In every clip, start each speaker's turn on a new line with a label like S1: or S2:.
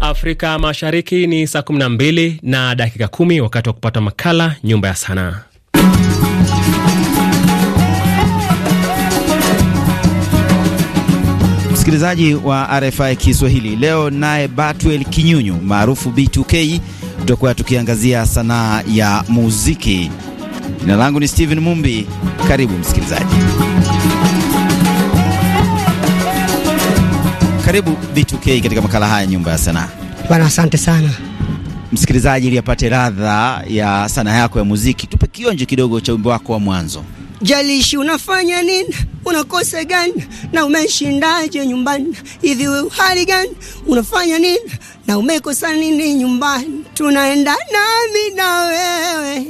S1: Afrika Mashariki ni saa 12 na dakika kumi, wakati wa kupata makala Nyumba ya Sanaa. Msikilizaji wa RFI Kiswahili, leo naye Batwel Kinyunyu maarufu B2K, tutakuwa tukiangazia sanaa ya muziki. Jina langu ni Steven Mumbi. Karibu msikilizaji. Karibu B2K katika makala haya nyumba ya sanaa. Bwana, asante sana msikilizaji, ili apate ladha ya sanaa yako ya muziki, tupe kionjo kidogo cha wimbo wako wa mwanzo.
S2: Jalishi unafanya nini, unakosa gani na umeshindaje nyumbani? Hivi wewe hali gani, unafanya nini na umekosa nini nyumbani? Tunaenda nami na wewe,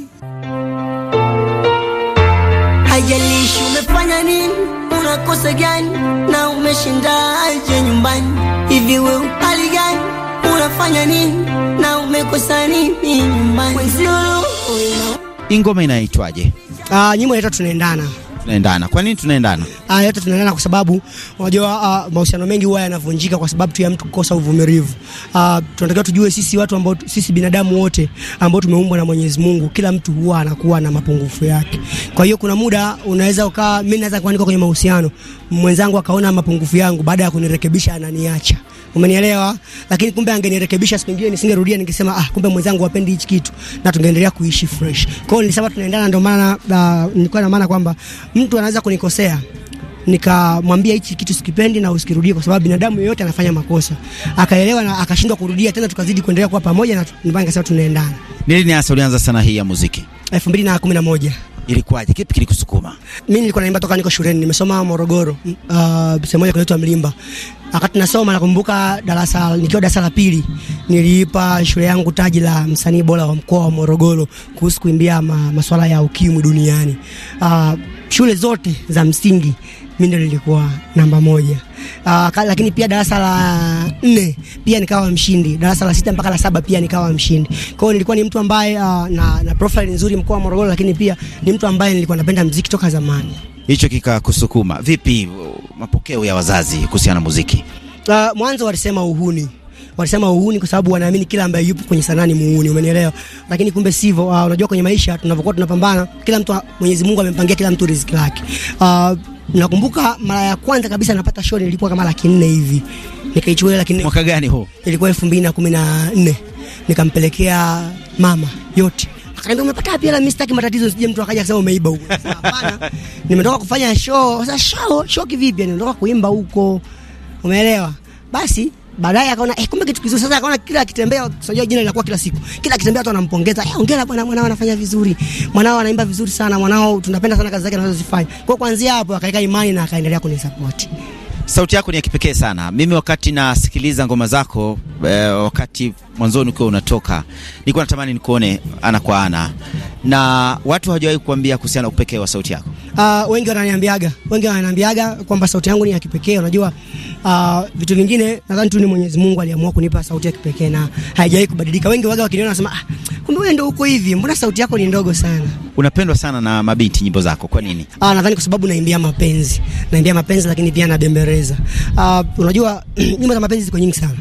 S2: hajalishi umefanya nini unakosa gani na umeshindaje nyumbani? Hivi we upali gani unafanya nini na umekosa nini nyumbani?
S1: Ingoma inaitwaje?
S3: Uh, nyimbo inaitwa tunaendana.
S1: Tunaendana. Kwa nini tunaendana?
S3: Ah, yote tunaendana kwa sababu unajua uh, mahusiano mengi huwa yanavunjika kwa sababu tu ya mtu kukosa uvumilivu. Ah, uh, tunatakiwa tujue sisi watu ambao sisi binadamu wote ambao tumeumbwa na Mwenyezi Mungu, kila mtu huwa anakuwa na mapungufu yake. Kwa hiyo kuna muda unaweza ukaa, mimi naweza kuandika kwenye mahusiano, mwenzangu akaona mapungufu yangu, baada ya kunirekebisha ananiacha. Umenielewa? Lakini kumbe angenirekebisha siku nyingine nisingerudia, ningesema ah, kumbe mwenzangu hapendi hichi kitu na tungeendelea kuishi fresh. Kwa hiyo ni sababu tunaendana, ndio maana uh, nilikuwa na maana kwamba mtu anaweza kunikosea nikamwambia hichi kitu sikipendi na usikirudie, kwa sababu binadamu yeyote anafanya makosa. Akaelewa na akashindwa kurudia tena, tukazidi kuendelea kuwa pamoja na mpaka nikasema tunaendana.
S1: Ni lini hasa ulianza sana hii ya muziki? 2011. Ilikuwaje? Kipi kilikusukuma? Mimi nilikuwa naimba toka niko shuleni,
S3: nimesoma Morogoro, uh, sehemu moja kunaitwa Mlimba. Wakati nasoma nakumbuka darasa nikiwa darasa la pili niliipa shule yangu taji la msanii bora wa mkoa wa Morogoro kuhusu kuimbia ma, masuala ya ukimwi duniani. Uh, shule zote za msingi mi ndio nilikuwa namba moja. Uh, ka, lakini pia darasa la nne pia nikawa mshindi, darasa la sita mpaka la saba pia nikawa mshindi. Kwa hiyo nilikuwa ni mtu ambaye uh, na, na profile nzuri mkoa wa Morogoro, lakini pia ni mtu ambaye nilikuwa napenda mziki toka zamani.
S1: Hicho kikakusukuma vipi? Mapokeo ya wazazi kuhusiana na muziki?
S3: Uh, mwanzo walisema uhuni wanasema uhuni kwa sababu wanaamini kila ambaye yupo kwenye sanaa ni muhuni, umenielewa? Lakini kumbe sivyo. Uh, unajua kwenye maisha tunavyokuwa tunapambana, kila mtu, Mwenyezi Mungu amempangia kila mtu riziki lake. Uh, nakumbuka mara ya kwanza kabisa napata show nilikuwa kama laki nne hivi, nikaichukua laki Mwaka gani huo? Ilikuwa 2014 nikampelekea mama yote Akaambia umepata wapi hela? Mimi sitaki matatizo, sije mtu akaja akasema umeiba huko.
S1: Hapana,
S3: nimetoka kufanya show. Sasa show show kivipi? Yaani, nimetoka kuimba huko, umeelewa? Basi Baadaye akaona eh, kumbe kitu kizuri. Sasa akaona kila akitembea, unajua jina linakuwa kila siku, kila akitembea watu wanampongeza, eh, hongera bwana, mwanao anafanya vizuri, mwanao anaimba vizuri sana, mwanao tunapenda sana kazi zake anazozifanya. Kwa kuanzia hapo akaweka imani na akaendelea kunisupport.
S1: Sauti yako ni ya kipekee sana. Mimi wakati nasikiliza ngoma zako eh, wakati mwanzoni ukiwa unatoka, nilikuwa natamani nikuone ana kwa ana, na watu hawajawahi kukuambia kuhusiana upekee wa sauti yako
S3: uh, wengi wananiambiaga wengi wananiambiaga kwamba sauti yangu ni ya kipekee. Unajua uh, vitu vingine nadhani tu ni Mwenyezi Mungu aliamua kunipa sauti ya kipekee na haijawahi kubadilika. Wengi waga wakiniona nasema ah, kumbe wewe ndio uko hivi, mbona sauti yako ni ndogo sana?
S1: Unapendwa sana na mabiti nyimbo zako, kwa nini?
S3: Ah, nadhani kwa sababu naimbia mapenzi, naimbia mapenzi lakini pia nabembeleza. Ah, uh, unajua nyimbo za mapenzi ziko nyingi sana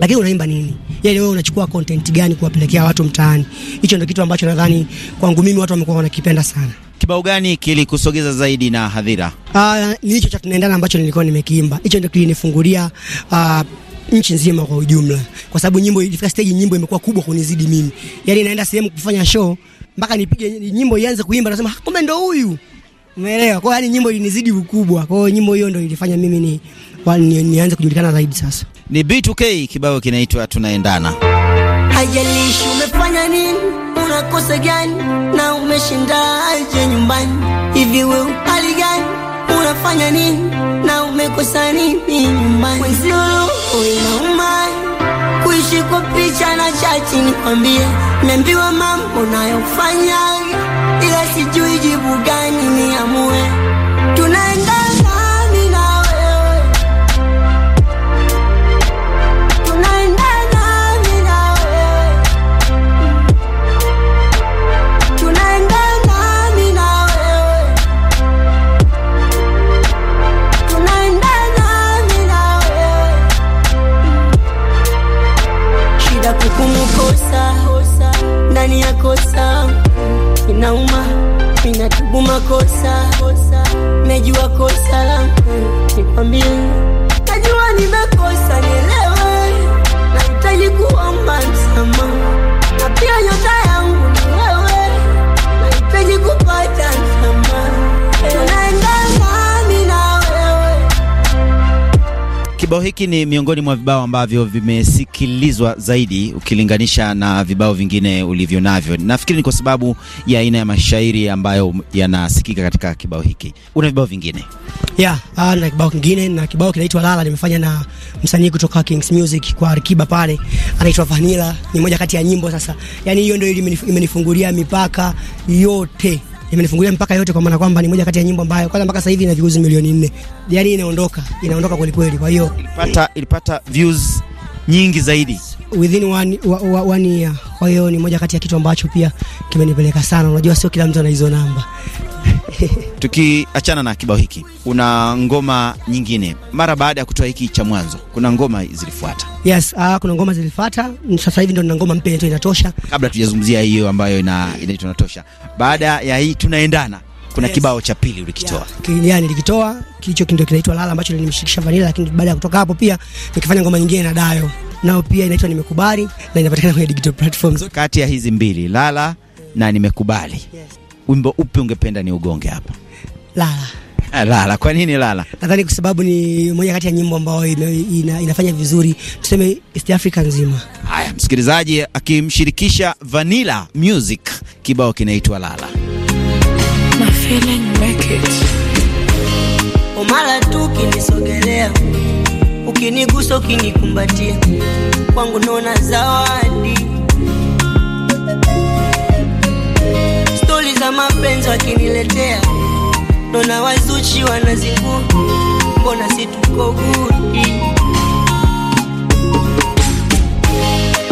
S3: lakini unaimba nini? Yaani wewe unachukua content gani kuwapelekea watu mtaani? Hicho ndio kitu ambacho nadhani kwangu mimi watu wamekuwa wanakipenda sana.
S1: Kibao gani kilikusogeza zaidi na hadhira?
S3: Uh, ah, hicho cha tunaendana ambacho nilikuwa nimekiimba, hicho ndio kilinifungulia uh, nchi nzima kwa ujumla, kwa sababu nyimbo ilifika stage, nyimbo imekuwa kubwa kunizidi mimi, Yani naenda sehemu kufanya show mpaka nipige nyimbo ianze kuimba, nasema ah, kumbe ndo huyu, umeelewa? Kwa yani nyimbo ilinizidi ukubwa, kwa hiyo nyimbo hiyo ndo ilifanya mimi ni nianze
S1: kujulikana zaidi. Sasa ni B2K, kibao kinaitwa tunaendana.
S2: Haijalishi umefanya nini unakosa gani na umeshindaje nyumbani? Hivi we upali gani? Unafanya nini na umekosa nini nyumbani? Wenzio roho inauma, kuishi kwa picha na chati, nikwambie, niambiwa mambo nayofanya, ila sijui jibu gani niamue makosa, inauma, minatubu makosa, najua kosa langu, nikwambie, najua nimekosa, nielewe, nahitaji kuomba msamaha na pia nyota
S1: Kibao hiki ni miongoni mwa vibao ambavyo vimesikilizwa zaidi ukilinganisha na vibao vingine ulivyo navyo. Nafikiri ni kwa sababu ya aina ya mashairi ambayo yanasikika katika kibao hiki. Una vibao vingine?
S3: Yeah, uh, na kibao kingine na kibao kinaitwa Lala nimefanya na msanii kutoka Kings Music kwa Arkiba pale. Anaitwa Vanilla, ni moja kati ya nyimbo sasa. Yaani hiyo ndio imenifungulia mipaka yote imenifungulia mpaka yote, kwa maana kwamba ni moja kati ya nyimbo ambayo kwanza mpaka sasa hivi ina views milioni nne, yani inaondoka inaondoka kweli kweli. Kwa hiyo
S1: ilipata, ilipata views nyingi zaidi
S3: within one, one, one year. Kwa hiyo ni moja kati ya kitu ambacho pia kimenipeleka sana. Unajua sio kila mtu ana hizo namba
S1: Tukiachana na kibao hiki, kuna ngoma nyingine mara baada ya kutoa hiki cha mwanzo, kuna ngoma zilifuata?
S3: Yes, uh, kuna ngoma zilifuata. Sasa hivi ndo nina ngoma mpya inaitwa Inatosha.
S1: Kabla tujazungumzia hiyo ambayo inaitwa Inatosha, baada ya hii tunaendana kuna yes, kibao cha pili ulikitoa.
S3: Yeah, nilikitoa kilicho kindo kinaitwa Lala ambacho nilimshirikisha Vanilla, lakini baada ya kutoka hapo pia nikifanya ngoma nyingine na Dayo,
S1: nao pia inaitwa Nimekubali na inapatikana kwenye digital platforms. Kati ya hizi mbili Lala na Nimekubali, yes wimbo upi ungependa ni ugonge hapa? Lala. Eh, lala. Kwa nini Lala?
S3: Nadhani kwa sababu ni moja kati ya nyimbo ambayo ina, ina, inafanya vizuri tuseme East Africa nzima.
S1: Haya, msikilizaji akimshirikisha Vanilla Music, kibao kinaitwa Lala.
S2: My feeling make it. Umara tu ukinisogelea, ukinigusa, ukinikumbatia, kwangu naona zawadi mapenzi wakiniletea, nona wazuchi wanazingu mbona situko gudi,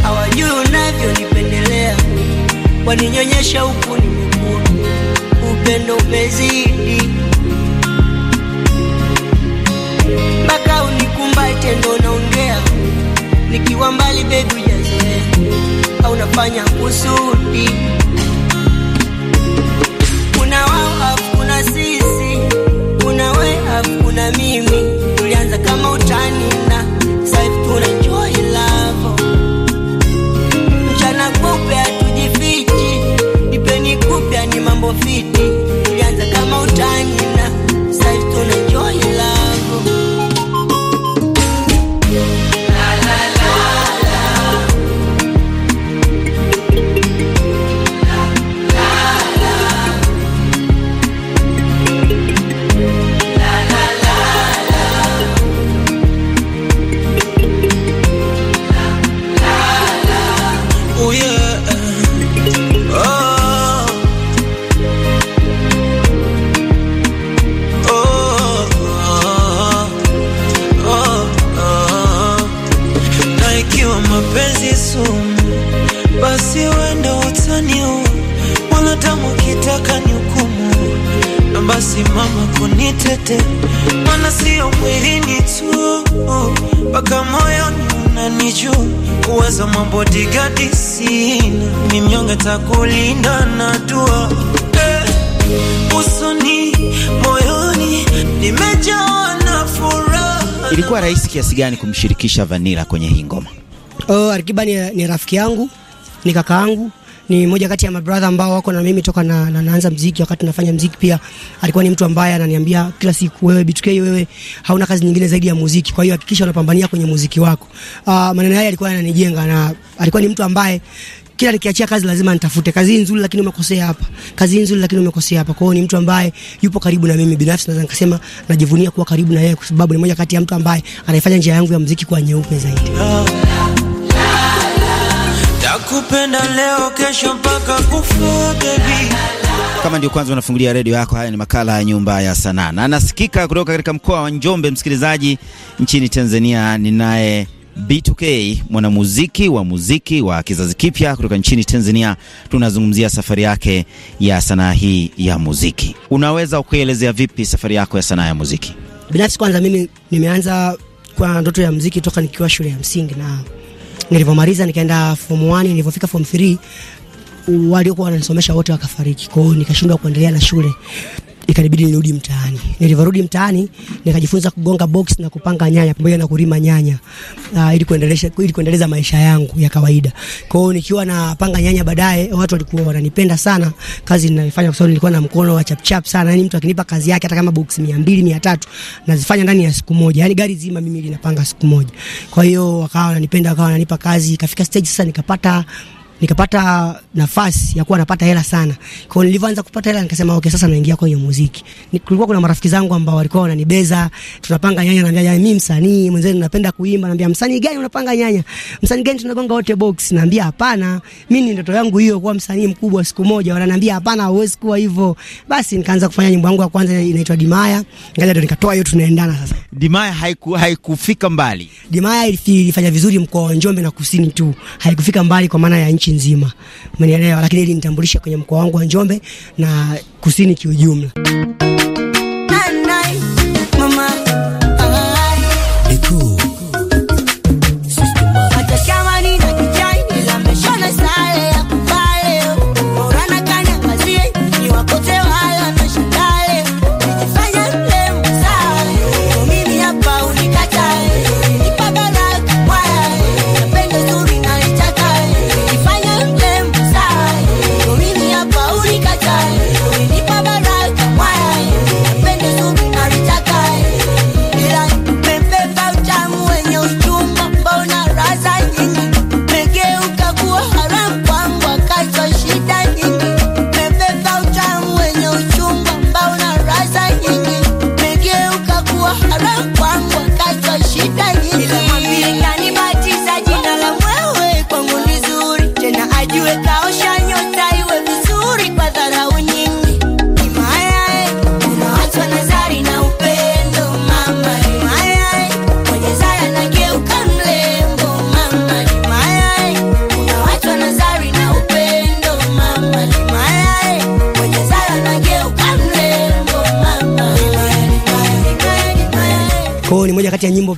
S2: hawajui unavyonipendelea, waninyonyesha huku ni nimekua, upendo umezidi mpaka unikumbate, ndo naongea nikiwa mbali, begu ujazoea au nafanya kusudi
S1: nichu uwezo mambo digadisina ni mnyonge takulinda na dua eh, usoni moyoni nimejawa na furaha. Ilikuwa rahisi kiasi gani kumshirikisha Vanilla kwenye hii ngoma?
S3: Oh, Arkiba ni, ni rafiki yangu, ni kaka yangu ni moja kati ya mabrother ambao wako na mimi toka na, na naanza mziki. Wakati nafanya mziki pia alikuwa ni mtu ambaye ananiambia kila siku, wewe B2K, wewe hauna kazi nyingine zaidi ya muziki, kwa hiyo hakikisha unapambania kwenye muziki wako. Uh, maneno haya alikuwa ananijenga na alikuwa ni mtu ambaye kila nikiachia kazi lazima nitafute kazi nzuri, lakini umekosea hapa, kazi nzuri, lakini umekosea hapa. Kwa hiyo ni mtu ambaye yupo karibu na mimi binafsi, naweza nikasema najivunia kuwa karibu na yeye, kwa sababu ni moja kati ya mtu ambaye anaifanya njia yangu ya muziki kuwa nyeupe zaidi.
S1: Oh nakupenda leo kesho mpaka kufa baby. Kama ndio kwanza unafungulia redio yako, haya ni makala ya Nyumba ya Sanaa na nasikika kutoka katika mkoa wa Njombe, msikilizaji nchini Tanzania. Ninaye B2K mwanamuziki wa muziki wa kizazi kipya kutoka nchini Tanzania. Tunazungumzia safari yake ya sanaa hii ya muziki. Unaweza ukuelezea vipi safari yako ya sanaa ya muziki?
S3: Binafsi kwanza, mimi nimeanza kwa ndoto ya muziki toka nikiwa shule ya msingi na Nilivyomaliza nikaenda form 1, nilivyofika form 3 waliokuwa wananisomesha wote wakafariki, kwao nikashindwa kuendelea na shule ikanibidi nirudi mtaani. Nilivyorudi mtaani nikajifunza kugonga box na kupanga nyanya pamoja na kulima nyanya uh, ili kuendeleza ili kuendeleza maisha yangu ya kawaida. Kwa hiyo nikiwa napanga nyanya baadaye, watu walikuwa wananipenda sana kazi ninayofanya, kwa sababu nilikuwa na mkono wa chap chap sana. Yani mtu akinipa kazi yake hata kama box 200 300 nazifanya ndani ya siku moja, yani gari zima mimi linapanga siku moja. Kwa hiyo wakawa wananipenda, wakawa wananipa kazi. Ikafika stage sasa nikapata nikapata nafasi ya kuwa napata hela sana. Kwa hiyo nilivyoanza kupata hela nikasema okay, sasa naingia kwa hiyo muziki. Kulikuwa kuna marafiki zangu ambao walikuwa wananibeza, tunapanga nyanya, naambia nyanya, mimi msanii mwenzenu napenda kuimba, naambia msanii gani unapanga nyanya? Msanii gani tunagonga wote box? Naambia hapana, mimi ni ndoto yangu hiyo kuwa msanii mkubwa siku moja. Wananiambia hapana, hauwezi kuwa hivyo. Basi nikaanza kufanya nyimbo yangu ya kwanza inaitwa Dimaya. Ngaja ndo nikatoa hiyo, tunaendana sasa.
S1: Dimaya haiku, haikufika mbali.
S3: Dimaya ilifanya vizuri mkoa wa Njombe na Kusini tu. Haikufika mbali kwa maana ya nchi nchi nzima, mnielewa. Lakini ilinitambulisha kwenye mkoa wangu wa Njombe na kusini kiujumla.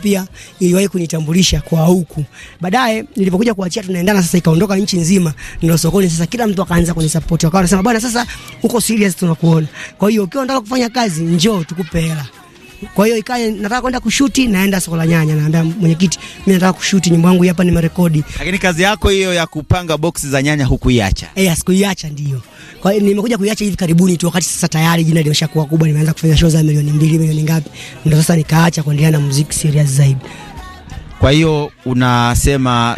S3: pia iliwahi kunitambulisha kwa huku. Baadaye nilipokuja kuachia tunaendana sasa, ikaondoka nchi nzima ndio sokoni sasa, kila mtu akaanza kunisupport, wakawa wanasema bwana, sasa uko serious, tunakuona. Kwa hiyo ukiwa unataka kufanya kazi njoo tukupe hela. Kwa hiyo ikae, nataka kwenda kushuti, naenda soko la nyanya, naambia mwenyekiti, mimi nataka kushuti, nyumba yangu hapa
S1: nimerekodi. Lakini kazi yako hiyo ya kupanga boksi za nyanya hukuiacha?
S3: Eh, sikuiacha ndio. Kwa hiyo nimekuja kuiacha hivi karibuni tu, wakati sasa tayari jina limeshakuwa kubwa, nimeanza kufanya show za milioni mbili, milioni ngapi, ndio sasa nikaacha kuendelea na muziki serious zaidi.
S1: Kwa hiyo unasema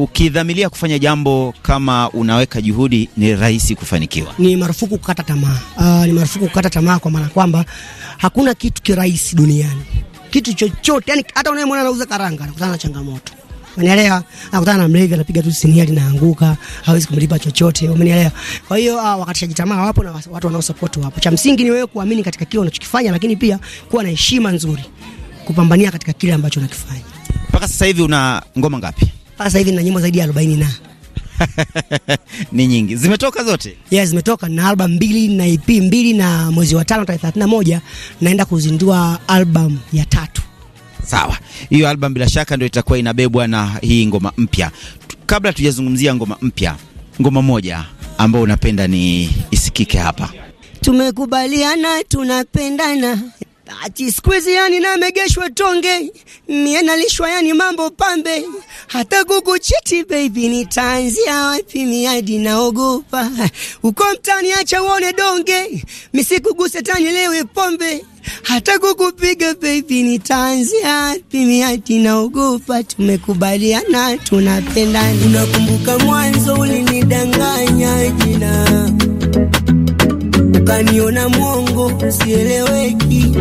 S1: Ukidhamilia kufanya jambo kama unaweka juhudi, ni rahisi kufanikiwa.
S3: Ni marufuku kukata tamaa. Uh, ni marufuku kukata tamaa, kwa maana kwamba hakuna kitu kirahisi duniani, kitu chochote. Yani hata unayemwona anauza karanga anakutana na changamoto Umenielewa? Anakutana na mlevi anapiga tu sinia linaanguka, hawezi kumlipa chochote. Umenielewa? Kwa hiyo uh, wakatishaji jitamaa wapo na watu wanao support wapo. Cha msingi ni wewe kuamini katika kile unachokifanya, lakini pia kuwa na heshima nzuri, kupambania katika kile ambacho unakifanya.
S1: Mpaka sasa hivi una ngoma ngapi?
S3: sasa hivi na nyimbo zaidi ya 40 na
S1: ni nyingi zimetoka zote.
S3: yeah, zimetoka na album mbili na EP mbili, na mwezi wa tano tarehe 31 naenda kuzindua album ya tatu.
S1: Sawa, hiyo album bila shaka ndio itakuwa inabebwa na hii ngoma mpya. Kabla tujazungumzia ngoma mpya, ngoma moja ambayo unapenda ni isikike hapa.
S2: Tumekubaliana tunapendana Ati siku yani namegeshwa tonge, mie nalishwa yani mambo pambe, hata chiti baby nitaanzia wapi? Miadi naogopa uko mtani, acha uone donge, misikuguse tani lewe pombe hata kukupiga baby nitaanzia wapi? Miadi naogopa, tumekubaliana tunapendana. Unakumbuka mwanzo ulinidanganya jina ukaniona mwongo usieleweki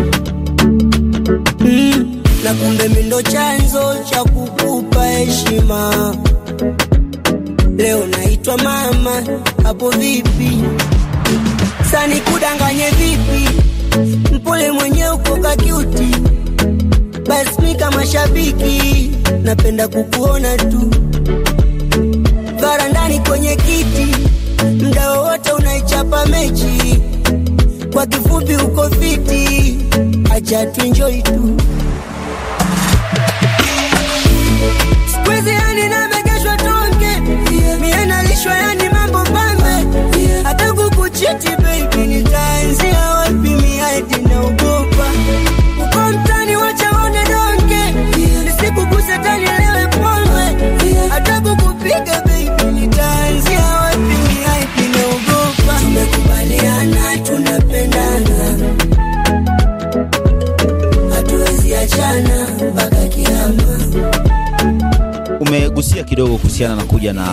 S2: mm, na kumbe mindo chanzo cha kukupa heshima. Leo naitwa mama, hapo vipi? Sani kudanganye vipi? Mpole mwenye uko kakiuti, basi mi kama shabiki napenda kukuona tu barandani kwenye kiti, mda wowote unaichapa mechi kwa kifupi uko fiti, acha tuenjoy tu.
S1: kuhusiana na kuja na,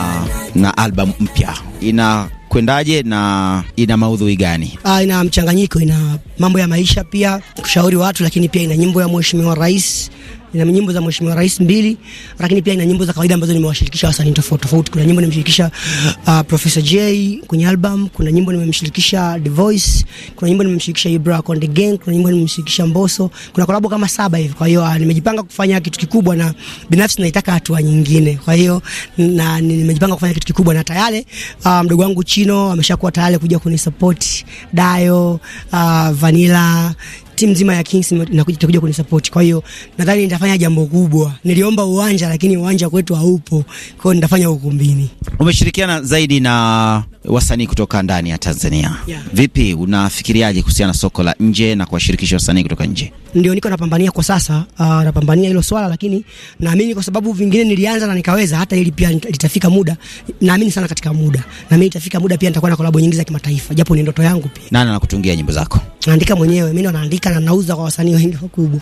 S1: na album mpya ina kwendaje na ina maudhui gani?
S3: Ah, ina mchanganyiko, ina mambo ya maisha pia kushauri watu, lakini pia ina nyimbo ya Mheshimiwa Rais ina nyimbo za Mheshimiwa Rais mbili, lakini pia ina nyimbo za kawaida ambazo nimewashirikisha wasanii tofauti tofauti. Kuna nyimbo nimemshirikisha uh, Professor J kwenye album, kuna nyimbo nimemshirikisha The Voice, kuna nyimbo nimemshirikisha Ibra the Gang, kuna nyimbo nimemshirikisha Mboso, Kuna collab kama saba hivi. Kwa hiyo uh, nimejipanga kufanya kitu kikubwa na binafsi naitaka hatua nyingine. Kwa hiyo na nimejipanga kufanya kitu kikubwa na tayari uh, mdogo wangu Chino ameshakuwa tayari kuja kunisupport Dayo, uh, Vanilla timu nzima ya Kings itakuja kunisupport. Kwa hiyo nadhani nitafanya jambo kubwa. Niliomba uwanja lakini uwanja kwetu haupo, kwa hiyo nitafanya ukumbini.
S1: Umeshirikiana zaidi na wasanii kutoka ndani ya Tanzania yeah. Vipi, unafikiriaje kuhusiana na soko la nje na kuwashirikisha wasanii kutoka nje?
S3: Ndio niko napambania kwa sasa, uh, napambania hilo swala, lakini naamini kwa sababu vingine nilianza na nikaweza, hata ili pia litafika muda, naamini sana katika muda, na mimi itafika muda pia nitakuwa na kolabo nyingi za kimataifa, japo ni ndoto yangu pia.
S1: Nani anakutungia nyimbo zako?
S3: Naandika mwenyewe mimi, naandika naandika na nauza kwa wasanii wengi wakubwa.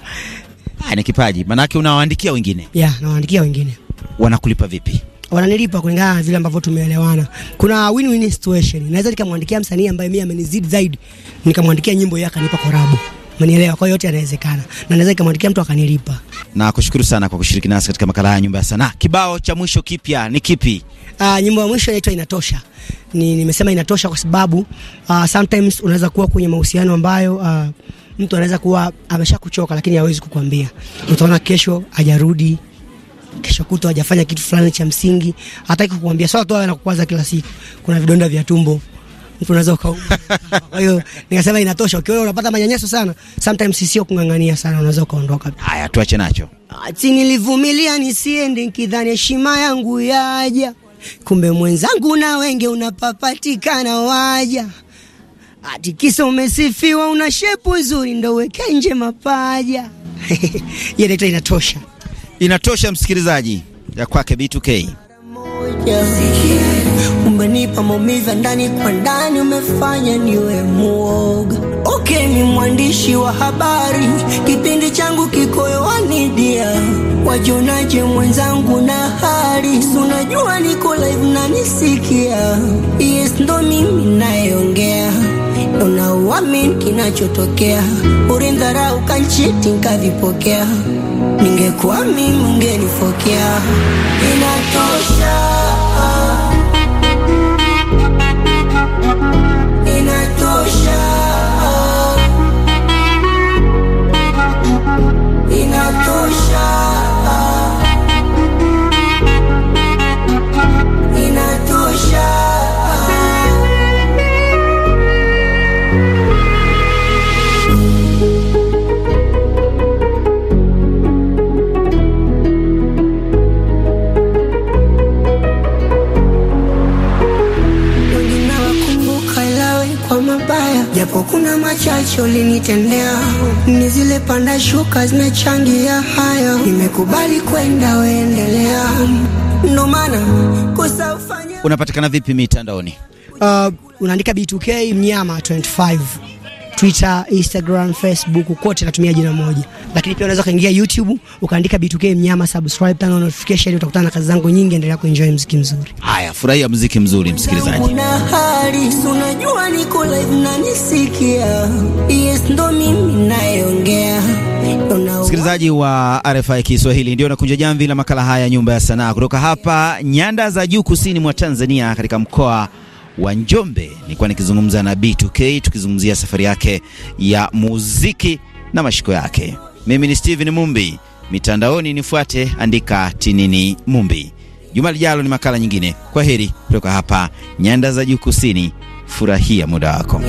S1: Ha, ni kipaji. manake, unawaandikia wengine?
S3: Yeah, nawaandikia wengine.
S1: Wanakulipa vipi?
S3: Wananilipa kulingana na vile ambavyo tumeelewana. Kuna win-win situation. Naweza nikamwandikia msanii ambaye mimi amenizidi zaidi, nikamwandikia nyimbo yake akanipa korabu Mnielewa, Kwa hiyo yote yanawezekana. Na naweza nikamwandikia mtu akanilipa.
S1: Na kushukuru sana kwa kushiriki nasi katika makala ya Nyumba ya Sanaa. Kibao cha mwisho kipya ni kipi?
S3: Ah, nyimbo ya mwisho inaitwa Inatosha. Ni nimesema inatosha kwa sababu uh, sometimes unaweza kuwa kwenye mahusiano ambayo uh, mtu anaweza kuwa ameshakuchoka, lakini hawezi kukwambia. Utaona kesho hajarudi, kesho kuto hajafanya kitu fulani cha msingi, hataki kukwambia. Sawa tu anakukwaza kila siku. Kuna vidonda vya tumbo mtu anaweza ukauma. Kwa hiyo nikasema inatosha. Ukiona unapata manyanyaso sana, sometimes sio kung'ang'ania sana,
S1: unaweza ukaondoka. Haya, tuache nacho.
S2: Ati ah, nilivumilia nisiende, nikidhani heshima yangu yaja, kumbe mwenzangu na wenge unapapatikana waja Ati kisa umesifiwa, una shepu nzuri, ndo weke nje mapaja
S1: yeleta. Inatosha, inatosha msikilizaji, ya kwake B2K
S2: umenipa maumiza ndani kwa ndani, umefanya niwe muoga. Okay, ni mwandishi wa habari, kipindi changu kiko hewani, dia wajionaje mwenzangu na hali, unajua niko live na nisikia. Yes, ndo mimi nayeongea unauamini kinachotokea, ulindharau kanchiti nkavipokea, ningekuamini ungenifokea. Inatosha. kuna machache ulinitendea, ni zile panda shuka zimechangia hayo, nimekubali kwenda, weendelea. Ndo maana
S1: kosa ufanya. Unapatikana vipi mitandaoni?
S2: Uh, unaandika B2K
S3: mnyama 25 Twitter, Instagram, Facebook kote natumia jina moja. Lakini pia unaweza kaingia YouTube ukaandika B2K Mnyama, subscribe tano notification, utakutana na kazi zangu nyingi. Endelea kuenjoy muziki mzuri.
S1: Haya, furahia muziki mzuri msikilizaji.
S2: Unajua niko live na nisikia. Yes, ndo mimi naongea.
S1: Msikilizaji wa RFI Kiswahili, ndio nakunja jamvi la makala haya nyumba ya sanaa kutoka hapa Nyanda za Juu Kusini mwa Tanzania katika mkoa wa Njombe. Nilikuwa nikizungumza na B2K tukizungumzia safari yake ya muziki na mashiko yake. Mimi ni Steven Mumbi, mitandaoni nifuate, andika Tinini Mumbi. Juma lijalo ni makala nyingine. Kwa heri kutoka hapa nyanda za juu kusini. Furahia muda wako.